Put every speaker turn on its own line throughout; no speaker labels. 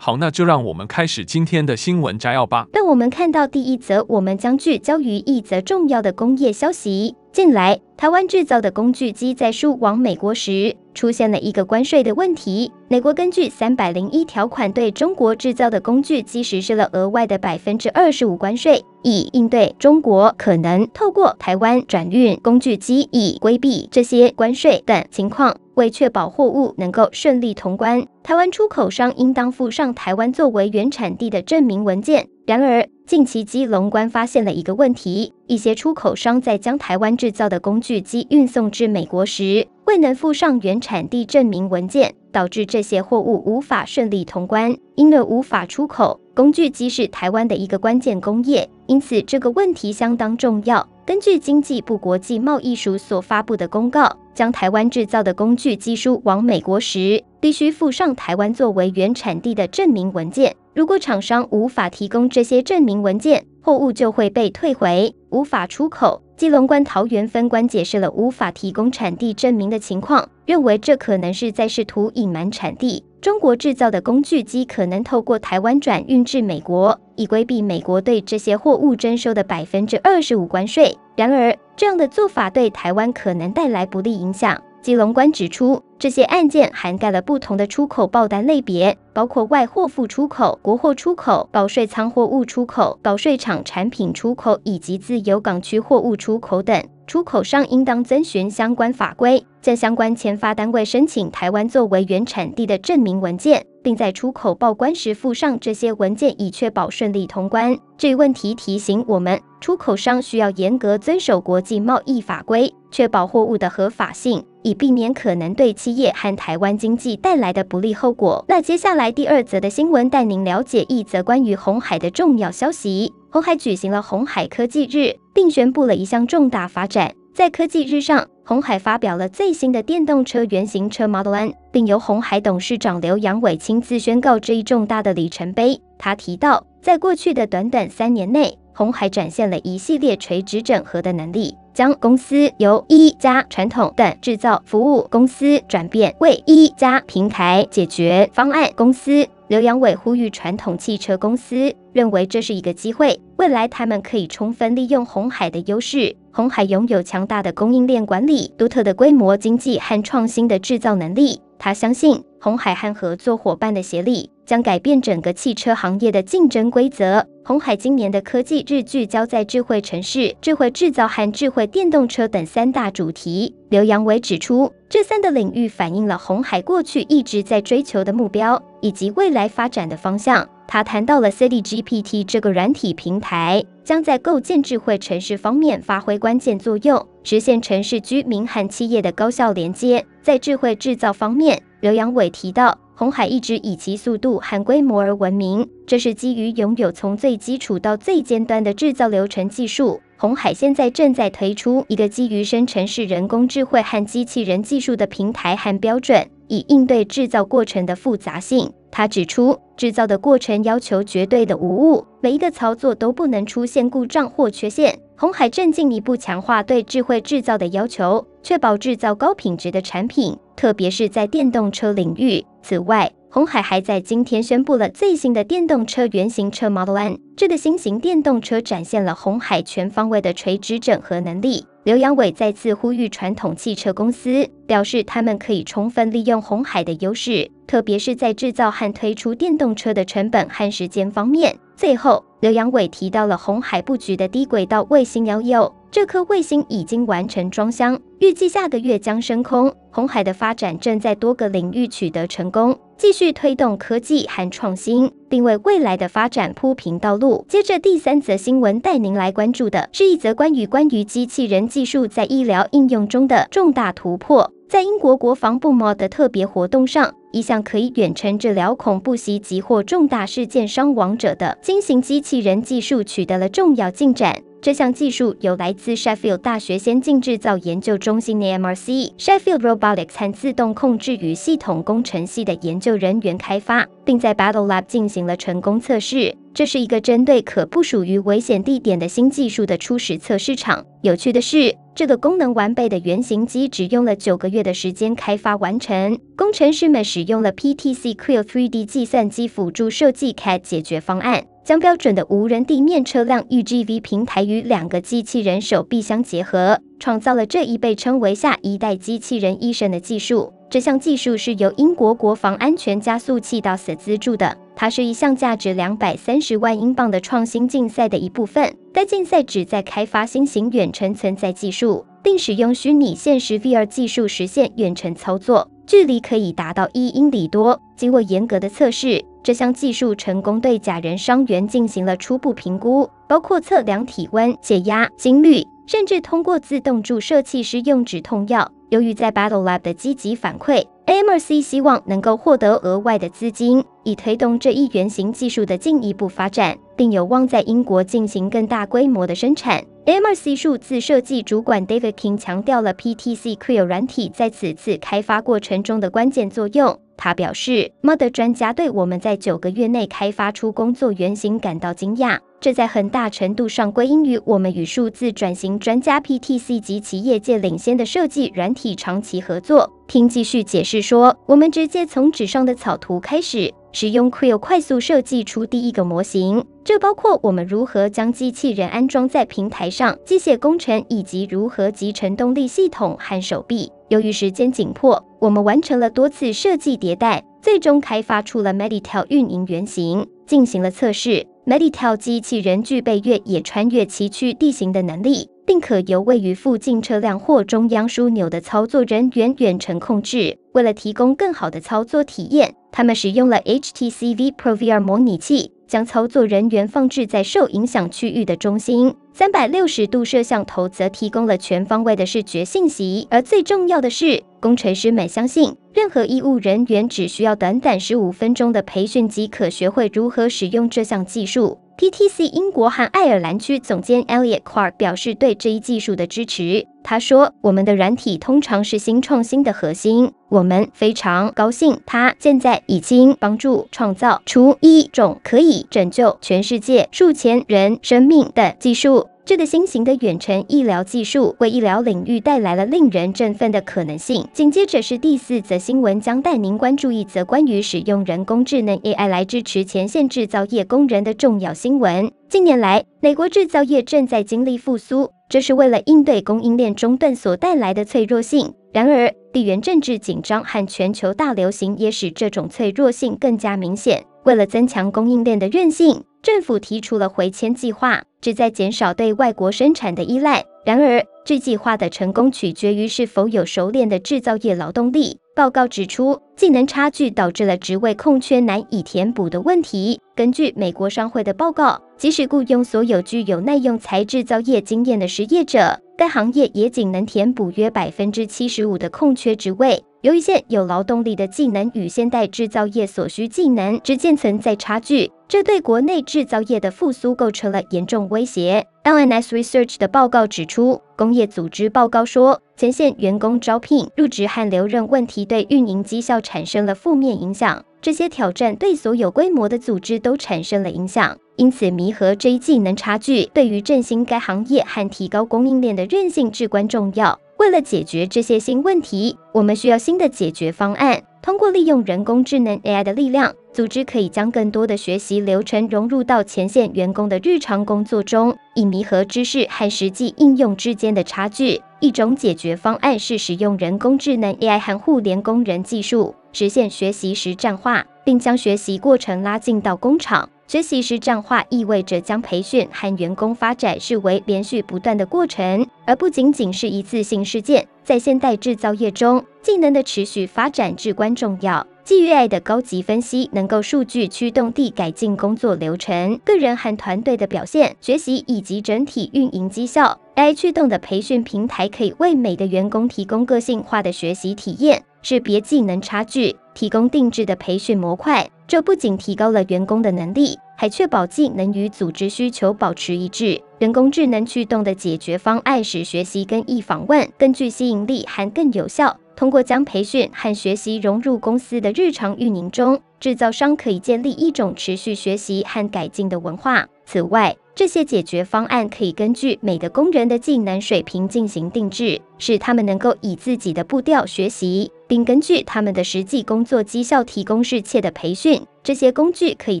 好，那就讓我們開始今天的新聞摘要吧。
當我們看到第一則，我們將聚焦於一則重要的工業消息。近來，台灣製造的工具機在輸往美國時，出現了一個關稅的問題。美國根據三百零一條款，對中國製造的工具機實施了額外的百分之二十五關稅，以應對中國可能透過台灣轉運工具機以規避這些關稅等情況。為確保貨物能夠順利通關，台灣出口商應當附上台灣作為原產地的證明文件。然而，近期，基隆關發現了一個問題：一些出口商在將台灣製造的工具機運送至美國時，未能附上原產地證明文件，導致這些貨物無法順利通關。因而無法出口。工具機是台灣的一個關鍵工業，因此這個問題相當重要。根據經濟部國際貿易署所發布的公告，將台灣製造的工具機輸往美國時，必須附上台灣作為原產地的證明文件。如果廠商無法提供這些證明文件，貨物就會被退回，無法出口。基隆關桃園分關解釋了無法提供產地證明的情況，認為這可能是在試圖隱瞞產地。中國製造的工具機可能透過台灣轉運至美國，以規避美國對這些貨物徵收的百分之二十五關稅。然而，這樣的做法對台灣可能帶來不利影響。基隆關指出，這些案件涵蓋了不同的出口報單類別，包括外貨復出口、國貨出口、保稅倉貨物出口、保稅廠產品出口以及自由港區貨物出口等。出口商應當遵循相關法規，在相關簽發單位申請台灣作為原產地的證明文件，並在出口報關時附上這些文件，以確保順利通關。這一問題提醒我們，出口商需要嚴格遵守國際貿易法規，確保貨物的合法性。以避免可能對企業和台灣經濟帶來的不利後果。那接下來第二則的新聞帶您了解一則關於鴻海的重要消息。鴻海舉行了鴻海科技日，並宣布了一項重大發展。在科技日上，鴻海發表了最新的電動車原型車 Model N，並由鴻海董事長劉揚偉親自宣告這一重大的里程碑。他提到，在過去的短短三年內，鴻海展現了一系列垂直整合的能力。將公司由一家傳統的製造服務公司轉變為一家平台解決方案公司。劉揚偉呼籲傳統汽車公司認為這是一個機會，未來他們可以充分利用鴻海的優勢。鴻海擁有強大的供應鏈管理、獨特的規模經濟和創新的製造能力。他相信鴻海和合作夥伴的協力，將改變整個汽車行業的競爭規則。鴻海今年的科技日聚焦在智慧城市、智慧製造和智慧電動車等三大主題。劉揚偉指出，這三個領域反映了鴻海過去一直在追求的目標以及未來發展的方向。他談到了 City GPT 這個軟體平台，將在構建智慧城市方面發揮關鍵作用，實現城市居民和企業的高效連接。在智慧製造方面，劉揚偉提到。鴻海一直以其速度和規模而聞名，這是基於擁有從最基礎到最尖端的制造流程技術。鴻海現在正在推出一個基於生成式人工智能和機器人技術的平台和標準，以應對制造過程的複雜性。他指出，制造的過程要求絕對的無誤，每一個操作都不能出現故障或缺陷。鴻海正進一步強化對智慧制造的要求，確保制造高品質的產品。特別是在電動車領域。此外，鴻海還在今天宣布了最新的電動車原型車 Model N。這的、個、新型電動車展現了鴻海全方位的垂直整合能力。劉揚偉再次呼籲傳統汽車公司，表示他們可以充分利用鴻海的優勢，特別是在制造和推出電動車的成本和時間方面。最後，劉揚偉提到了鴻海布局的低軌道衛星幺幺，這顆衛星已經完成裝箱，預計下個月將升空。鴻海的發展正在多個領域取得成功，繼續推動科技和創新，並為未來的發展鋪平道路。接着，第三則新聞帶您來關注的是一則關於關於機器人技術在醫療應用中的重大突破。在英國國防部 MOD 的特別活動上，一項可以遠程治療恐怖襲擊或重大事件傷亡者的新型機器人技術取得了重要進展。這項技術由來自 Sheffield 大學先進製造研究中心 （AMRC）、Sheffield Robotics 和自動控制與系統工程系的研究人員開發，並在 Battle Lab 進行了成功測試。這是一個針對可不屬於危險地點的新技術的初始測試場。有趣的是，這個功能完備的原型機只用了九個月的時間開發完成。工程師們使用了 PTC Creo 3D 計算機輔助設計 CAD 解決方案。將標準的無人地面車輛 （UGV） 平台與兩個機器人手臂相結合，創造了這一被稱為“下一代機器人醫生”的技術。這項技術是由英國國防安全加速器到此資助的，它是一項價值230萬英鎊的創新競賽的一部分。該競賽旨在開發新型遠程存在技術，並使用虛擬現實 （VR） 技術實現遠程操作。距離可以達到一英里多。經過嚴格的測試，這項技術成功對假人傷員進行了初步評估，包括測量體溫、血壓、心率，甚至通過自動注射器使用止痛藥。由於在 Battle Lab 的積極反饋，AMRC 希望能夠獲得額外的資金。以推動這一原型技術的進一步發展，並有望在英國進行更大規模的生產。MRC 數字設計主管 David King 強調了 PTC Creo 軟體在此次開發過程中的關鍵作用。他表示：“Mod 的專家對我們在九個月內開發出工作原型感到驚訝，這在很大程度上歸因於我們與數字轉型專家 PTC 及其業界領先的設計軟體長期合作。”King 繼續解釋說：“我們直接從紙上的草圖開始。”使用 Creo 快速設計出第一個模型，這包括我們如何將機器人安裝在平台上、機械工程以及如何集成動力系統和手臂。由於時間緊迫，我們完成了多次設計迭代，最終開發出了 Medital 運營原型，進行了測試。Medital 機器人具備越野穿越崎嶇地形的能力，並可由位於附近車輛或中央樞紐的操作人員遠，遠程控制。為了提供更好的操作體驗。他們使用了 HTC V Pro VR 模擬器，將操作人員放置在受影響區域的中心。三百六十度攝像頭則提供了全方位的視覺信息。而最重要的是，工程師們相信，任何醫務人員只需要短短十五分鐘的培訓即可學會如何使用這項技術。PTC 英國和愛爾蘭區總監 Elliot Clark 表示對這一技術的支持。他說：“我們的軟體通常是新創新的核心，我們非常高興它現在已經幫助創造出一種可以拯救全世界數千人生命的技術。”這個新型的遠程醫療技術為醫療領域帶來了令人振奮的可能性。緊接着是第四則新聞，將帶您關注一則關於使用人工智能 AI 來支持前線製造業工人的重要新聞。近年來，美國製造業正在經歷復甦，這是為了應對供應鏈中斷所帶來的脆弱性。然而，地緣政治緊張和全球大流行也使這種脆弱性更加明顯。為了增強供應鏈的韌性，政府提出了回遷計劃，旨在減少對外國生產的依賴。然而，這計劃的成功取決於是否有熟練的制造業勞動力。報告指出，技能差距導致了職位空缺難以填補的問題。根據美國商會的報告，即使僱傭所有具有耐用材制造業經驗的失業者，該行業也僅能填補約百分之七十五的空缺。缺職位，由於現有勞動力的技能與現代制造業所需技能之間存在差距，這對國內制造業的復甦構成了嚴重威脅。LNS Research 的報告指出，工業組織報告說，前線員工招聘、入職和留任問題對運營績效產生了負面影響。這些挑戰對所有規模的組織都產生了影響，因此彌合這一技能差距對於振興該行業和提高供應鏈的韌性至關重要。為了解決這些新問題，我們需要新的解決方案。通過利用人工智能 AI 的力量，組織可以將更多的學習流程融入到前線員工的日常工作中，以彌合知識和實際應用之間的差距。一種解決方案是使用人工智能 AI 和互聯工人技術，實現學習實戰化，並將學習過程拉進到工廠。學習實戰化意味着將培訓和員工發展視為連續不斷的過程，而不僅僅是一次性事件。在現代制造業中，技能的持續發展至關重要。基於 AI 的高級分析能夠數據驅動地改進工作流程、個人和團隊的表現、學習以及整體運營績效。AI 驅動的培訓平台可以為每個的員工提供個性化的學習體驗。識別技能差距，提供定制的培訓模塊。這不僅提高了員工的能力，還確保技能與組織需求保持一致。人工智能驅動的解決方案使學習更易訪問、更具吸引力，還更有效。通過將培訓和學習融入公司的日常運營中，製造商可以建立一種持續學習和改進的文化。此外，這些解決方案可以根據每個工人的技能水平進行定制，使他們能夠以自己的步調學習。並根據他們的實際工作績效提供適切的培訓。這些工具可以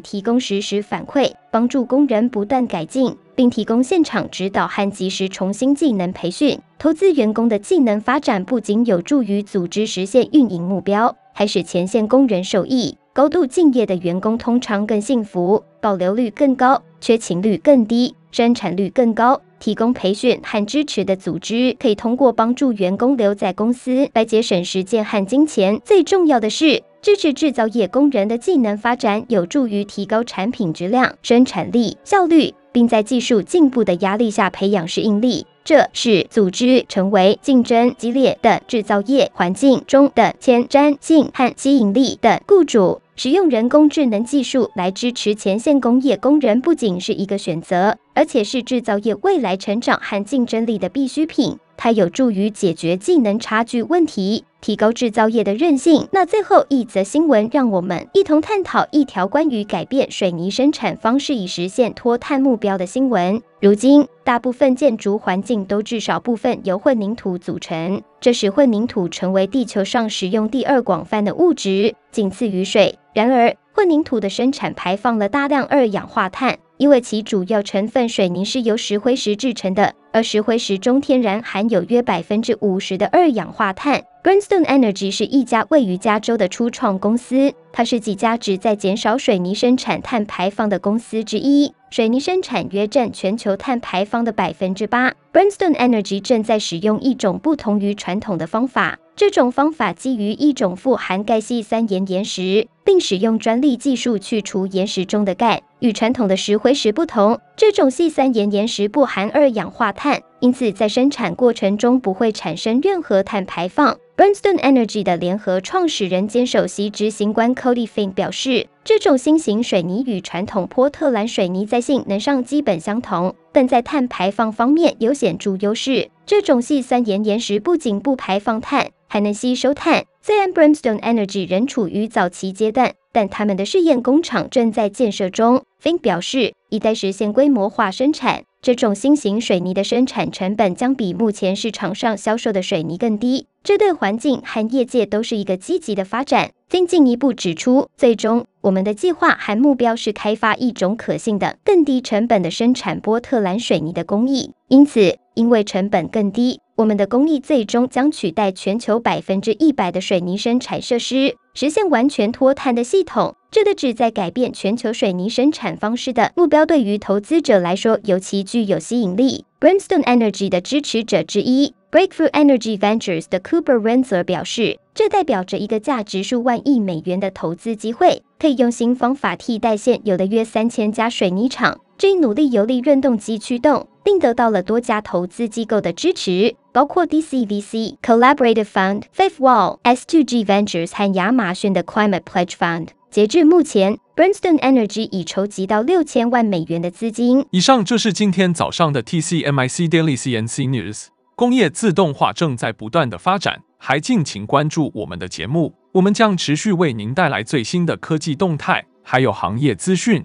提供實時反饋，幫助工人不斷改進，並提供現場指導和及時重新技能培訓。投資員工的技能發展不僅有助於組織實現運營目標，還使前線工人受益。高度敬業的員工通常更幸福，保留率更高，缺勤率更低，生產率更高。提供培訓和支持的組織可以通過幫助員工留在公司來節省時間和金錢。最重要的是，支持制造業工人的技能發展，有助於提高產品質量、生產力、效率，並在技術進步的壓力下培養適應力。這使組織成為競爭激烈的制造業環境中的前瞻性和吸引力的雇主，使用人工智能技術來支持前線工業工人，不僅是一個選擇，而且是制造業未來成長和競爭力的必需品。它有助於解決技能差距問題，提高製造業的韌性。那最後一則新聞，讓我們一同探討一條關於改變水泥生產方式以實現脫碳目標的新聞。如今，大部分建築環境都至少部分由混凝土組成，這使混凝土成為地球上使用第二廣泛的物質，僅次於水。然而，混凝土的生產排放了大量二氧化碳。因為其主要成分水泥是由石灰石製成的，而石灰石中天然含有約百分之五十的二氧化碳。Brimstone Energy 是一家位於加州的初創公司，它是幾家旨在減少水泥生產碳排放的公司之一。水泥生產約占全球碳排放的百分之八。Brimstone Energy 正在使用一種不同於傳統的方法，這種方法基於一種富含鈣矽酸鹽岩石，並使用專利技術去除岩石中的鈣。與傳統的石灰石不同，這種矽酸鹽岩，岩石不含二氧化碳，因此在生產過程中不會產生任何碳排放。Brimstone Energy 的聯合創始人兼首席執行官 Cody Finn 表示，這種新型水泥與傳統波特蘭水泥在性能上基本相同，但在碳排放方面有顯著優勢。這種矽酸鹽岩，岩石不僅不排放碳。還能吸收碳。雖然 Brimstone Energy 仍處於早期階段，但他們的試驗工廠正在建設中。Fink 表示，一旦實現規模化生產，這種新型水泥的生產成本將比目前市場上銷售的水泥更低。這對環境和業界都是一個積極的發展。Fink 進一步指出，最終我們的計劃和目標是開發一種可信的、更低成本的生產波特蘭水泥的工藝。因此，因為成本更低，我們的工藝最終將取代全球百分之一百的水泥生產設施，實現完全脫碳的系統。這個旨在改變全球水泥生產方式的目標，對於投資者來說尤其具有吸引力。Brimstone Energy 的支持者之一，Breakthrough Energy Ventures 的 Cooper Renzer 表示，這代表着一個價值數萬億美元的投資機會，可以用新方法替代現有的約三千家水泥廠。這一努力由利潤動機驅動，並得到了多家投資機構的支持，包括 DCVC、Collaborative Fund、Fifth Wall、S2G Ventures 和亞馬遜的 Climate Pledge Fund。截至目前，Brimstone Energy 已籌集到六千萬美元的資金。
以上就是今天早上的 TCMIC Daily CNC News。工業自動化正在不斷的發展，還敬請關注我們的節目，我們將持續為您帶來最新的科技動態，還有行業資訊。